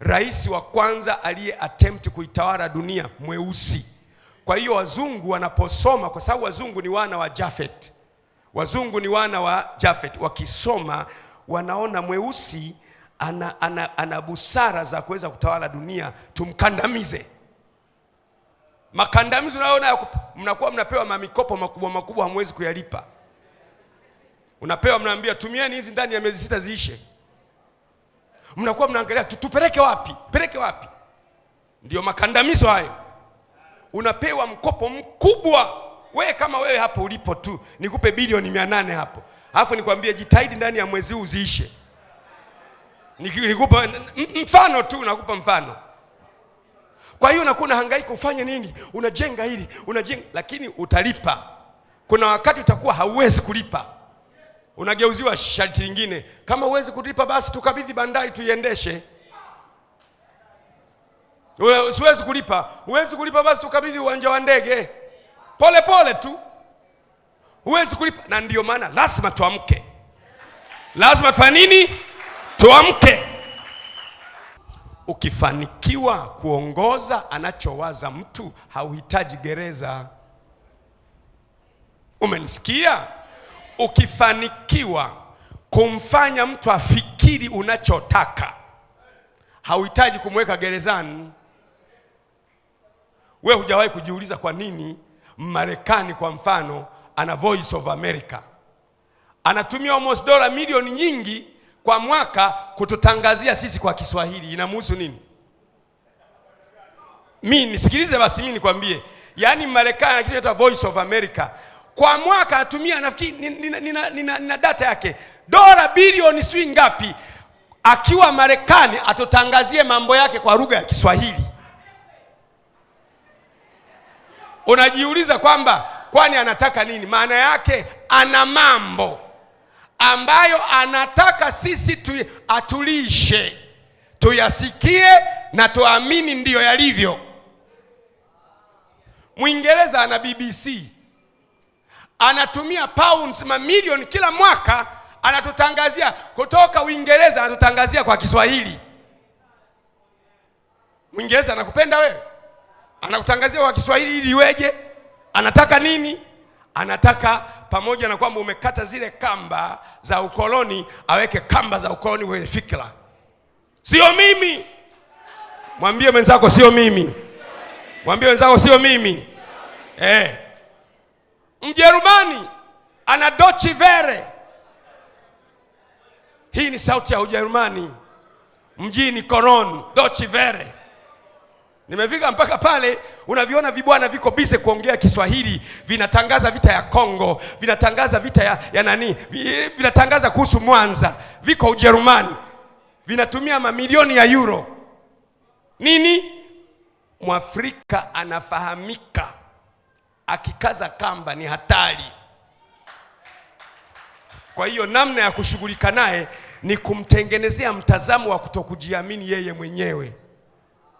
rais wa kwanza aliye attempt kuitawala dunia mweusi. Kwa hiyo wazungu wanaposoma, kwa sababu wazungu ni wana wa Jafet, wazungu ni wana wa Jafet, wakisoma wanaona mweusi ana, ana, ana busara za kuweza kutawala dunia, tumkandamize. Makandamizi unayoona mnakuwa mnapewa mamikopo makubwa makubwa, hamwezi kuyalipa, unapewa mnaambia, tumieni hizi ndani ya miezi sita ziishe mnakuwa mnaangalia tupeleke wapi, peleke wapi? Ndiyo makandamizo hayo. Unapewa mkopo mkubwa, wewe kama wewe hapo ulipo tu, nikupe bilioni mia nane hapo, alafu nikwambie jitahidi ndani ya mwezi huu uziishe. Nikupa mfano tu, nakupa mfano. Kwa hiyo unakuwa unahangaika ufanye nini, unajenga hili unajenga, lakini utalipa. Kuna wakati utakuwa hauwezi kulipa unageuziwa sharti lingine, kama huwezi kulipa basi tukabidhi bandari tuiendeshe. Siwezi kulipa, huwezi kulipa basi tukabidhi uwanja wa ndege, pole pole tu. Huwezi kulipa, na ndiyo maana lazima tuamke, lazima tufanye nini? Tuamke. Ukifanikiwa kuongoza anachowaza mtu, hauhitaji gereza. Umenisikia? ukifanikiwa kumfanya mtu afikiri unachotaka, hauhitaji kumweka gerezani. We hujawahi kujiuliza kwa nini Marekani kwa mfano ana Voice of America, anatumia almost dola milioni nyingi kwa mwaka kututangazia sisi kwa Kiswahili. Inamuhusu nini? Mi nisikilize basi, mi nikwambie, yaani Marekani anaitwa Voice of America kwa mwaka atumia nafikiri nina, nina, nina, nina data yake dola bilioni swi ngapi akiwa Marekani atutangazie mambo yake kwa lugha ya Kiswahili. Unajiuliza kwamba kwani anataka nini? Maana yake ana mambo ambayo anataka sisi tu, atulishe tuyasikie na tuamini ndiyo yalivyo. Mwingereza ana BBC anatumia pounds mamilioni kila mwaka, anatutangazia kutoka Uingereza, anatutangazia kwa Kiswahili. Uingereza anakupenda wewe, anakutangazia kwa Kiswahili ili iweje? Anataka nini? Anataka pamoja na kwamba umekata zile kamba za ukoloni, aweke kamba za ukoloni kwenye fikra. Sio mimi, mwambie mwenzako, sio mimi, mwambie mwenzako, sio mimi eh. Mjerumani ana dochi vere. Hii ni sauti ya Ujerumani mjini Koron, dochi vere. Nimefika mpaka pale, unaviona vibwana viko bize kuongea Kiswahili, vinatangaza vita ya Kongo, vinatangaza vita ya, ya nani, vinatangaza kuhusu Mwanza, viko Ujerumani, vinatumia mamilioni ya euro. Nini? Mwafrika anafahamika akikaza kamba ni hatari. Kwa hiyo namna ya kushughulika naye ni kumtengenezea mtazamo wa kutokujiamini yeye mwenyewe.